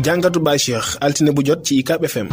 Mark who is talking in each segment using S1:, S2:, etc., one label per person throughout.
S1: jàngatu Baye Cheikh altine bu jot ci UCAB FM.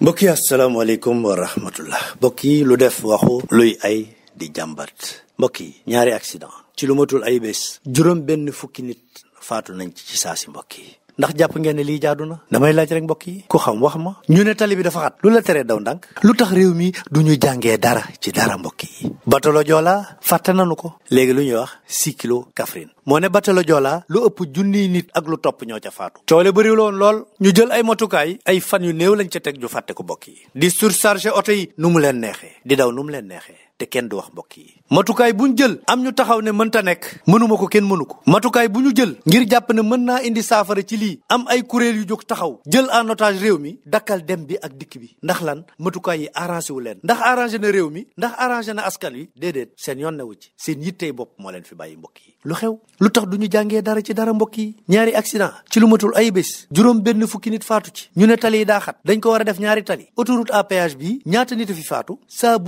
S1: mbokk yi asalaamaaleykum wa rahmatullah mbokk yi lu def waxu luy ay di jàmbat mbokk yi ñaari accident ci lu matul ay bés juróom benn fukki nit faatu nañ ci saa si mbokk yi ndax jàpp ngeen ne lii jaadu na damay laaj rek mbokk yi ku xam wax ma ñu ne tali bi dafa xat lu la teree daw ndànk lu tax réew mi du ñu jàngee dara ci dara mbokki yi batalo joola fàtte ko léegi lu ñuy wax six kilo Kaffrine moo ne batalo joola lu ëpp junniy nit ak lu topp ñoo ca faatu coole bëri woon lool ñu jël ay matukaay ay fan yu néew lañ ca teg ju fàtte ko mbokk yi di surcharge oto yi nu mu leen neexee di daw nu mu leen neexee te kenn du wax mbokk yi matukaay bu ñu jël am ñu taxaw ne mënta nekk mënuma ko kenn mënu ko matukaay bu ñu jël ngir jàpp ne mën naa indi saafara ci lii am ay kuréel yu jóg taxaw jël en notage réew mi dakkal dem bi ak dikk bi ndax lan matukaay yi arrangé wu leen ndax arrangé na réew mi ndax arrangé na askan wi déedéet seen yoon newu ci seen yittey bopp moo leen fi bàyyi mbokk yi lu xew lu tax du ñu jàngee dara ci dara mbokk yi ñaari accident ci lu matul ay bés juróom benn fukki nit faatu ci ñu ne tali yi dañ ko war a def ñaari tali autoroute à bi ñaata nit fi faatu saa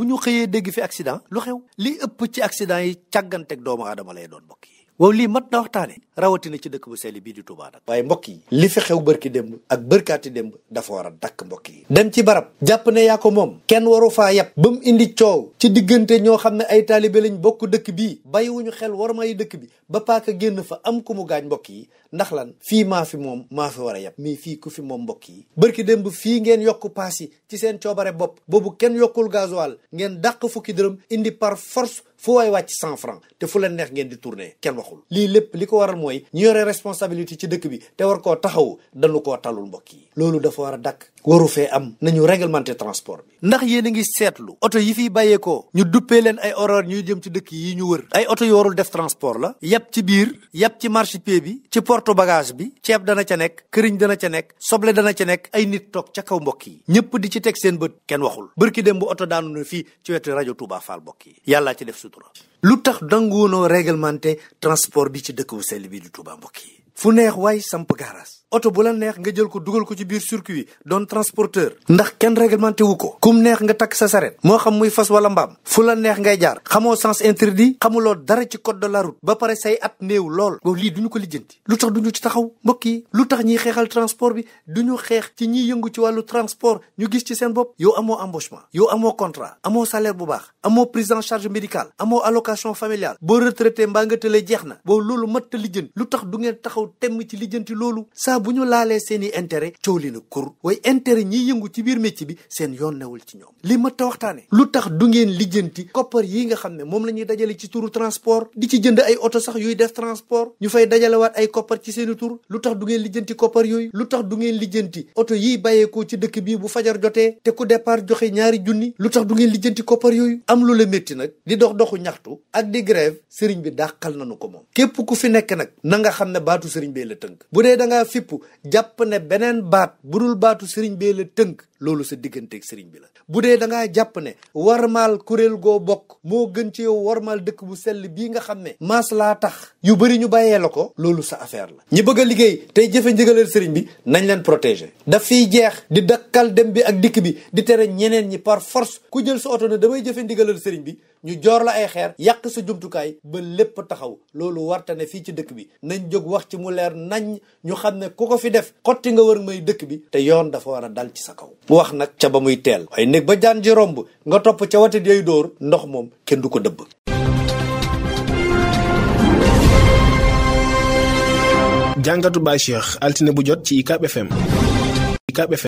S1: accident lu xew li ëpp ci accident yi càgganteeg doomu aadama lay doon mbokk waaw lii mat na waxtaane rawatina ci dëkk bu sell bii di Touba nag waaye mbokk yi li fi xew bërki démb ak bërkaati démb dafa war a dakk mbokk yi dem ci barab jàpp ne yaa ko moom kenn waru faa yàpp ba mu indi coow ci diggante ñoo xam ne ay taalibe lañ bokk dëkk bii bàyyiwuñu xel war may dëkk bi ba paaka génn fa am ku mu gaañ mbokk yi ndax lan fii maa fi moom maa fi war a yàpp mais fii ku fi moom mbokk yi bërki démb fii ngeen yokk paas yi ci seen coobare bopp boobu kenn yokkul gasoil ngeen dàq fukki dërëm indi fu waay wàcc cent franc te fu la neex ngeen di tourner kenn waxul lii lépp li ko waral mooy ñu yore responsabilité ci dëkk bi te war ko taxaw dañu ko talul mbokk yi loolu dafa war a dakk waru fee am na ñu réglementer transport bi ndax yéen a ngi seetlu oto yi fiy bàyyeekoo ñu duppee leen ay horreur ñuy jëm ci dëkk yi ñu wër ay oto yu warul def transport la yàpp ci biir yàpp ci marché-pied bi ci porte bagage bi ceeb dana ca nekk këriñ dana ca nekk soble dana ca nekk ay nit toog ca kaw mbokk yi ñëpp di ci teg seen bët kenn waxul bërki dem bu daanu na fii ci wetu rajo Touba Fall mbokk yi yàllaa ci def su droit lu tax dangu woonoo réglementé transport bi ci dëkk bu sell bi di Touba mbokk yi fu neex waay samp gaaraas oto bu la neex nga jël ko dugal ko ci biir circuit doon transporteur ndax kenn réglementé wu ko kum neex nga takk sa saret moo xam muy fas wala mbaam fu la neex ngay jaar xamoo sens interdit xamuloo dara ci code de la route ba pare say at néew lool boobu lii duñu ko lijjanti lu tax duñu ci taxaw mbokk yi lu tax ñiy xeexal transport bi du ñu xeex ci ñiy yëngu ci wàllu transport ñu gis ci seen bopp yow amoo embauchement yow amoo contrat amoo salaire bu baax amoo prise en charge amoo allocation familiale boo retraité mbaa nga tëlee jeex na boobu loolu mat a taxaw temm ci lijjanti loolu saa bu ñu laalee seen i intérêt coow li na kur waaye intérêt ñiy yëngu ci biir métier bi seen yoon newul ci ñoom li mat ta waxtaane lu tax du ngeen lijjanti koppar yi nga xam ne moom la ñuy dajale ci turu transport di ci jënd ay oto sax yuy def transport ñu fay dajalewaat ay koppar ci seen i lu tax du ngeen lijjanti koppar yooyu lu tax du ngeen lijjanti oto yiy bàyyeekoo ci dëkk bii bu fajar jotee te ku depart joxe ñaari junni lu tax du ngeen lijjanti koppar yooyu am lu la métti nag di dox doxu ñaxtu ak di grève sëriñ bi dàqal nañu ko moom képp ku fi nekk nag na xam ne baatu sëriñ bee la tënk bu dee da ngaa fipp jàpp ne beneen baat bu dul baatu sëriñ bee la tënk loolu sa digganteeg sëriñ bi la bu dee da ngaa jàpp ne warmaal kuréel goo bokk moo gën ci yow warmaal dëkk bu sell bii nga xam ne maas laa tax yu bëri ñu bàyyee la ko loolu sa affaire la ñi bëgg a liggéey tey jëfe njëgalal sëriñ bi nañ leen protéger daf fiy jeex di dakkal dem bi ak dikk bi di tere ñeneen ñi par force ku jël sa oto ne damay jëfe ndigalal sëriñ bi ñu joor la ay xeer yàq sa jumtukaay ba lépp taxaw loolu warta ne fii ci dëkk bi nañ jóg wax ci mu leer nañ ñu xam ne ku ko fi def xotti nga wër may dëkk bi te yoon dafa war a dal ci sa kaw mu wax nag ca ba muy teel waaye néeg ba jaan ji romb nga topp ca watit yooyu dóor ndox moom kenn du ko dëbb jàngatu Baye Cheikh altine bu jot ci UCAB FM FM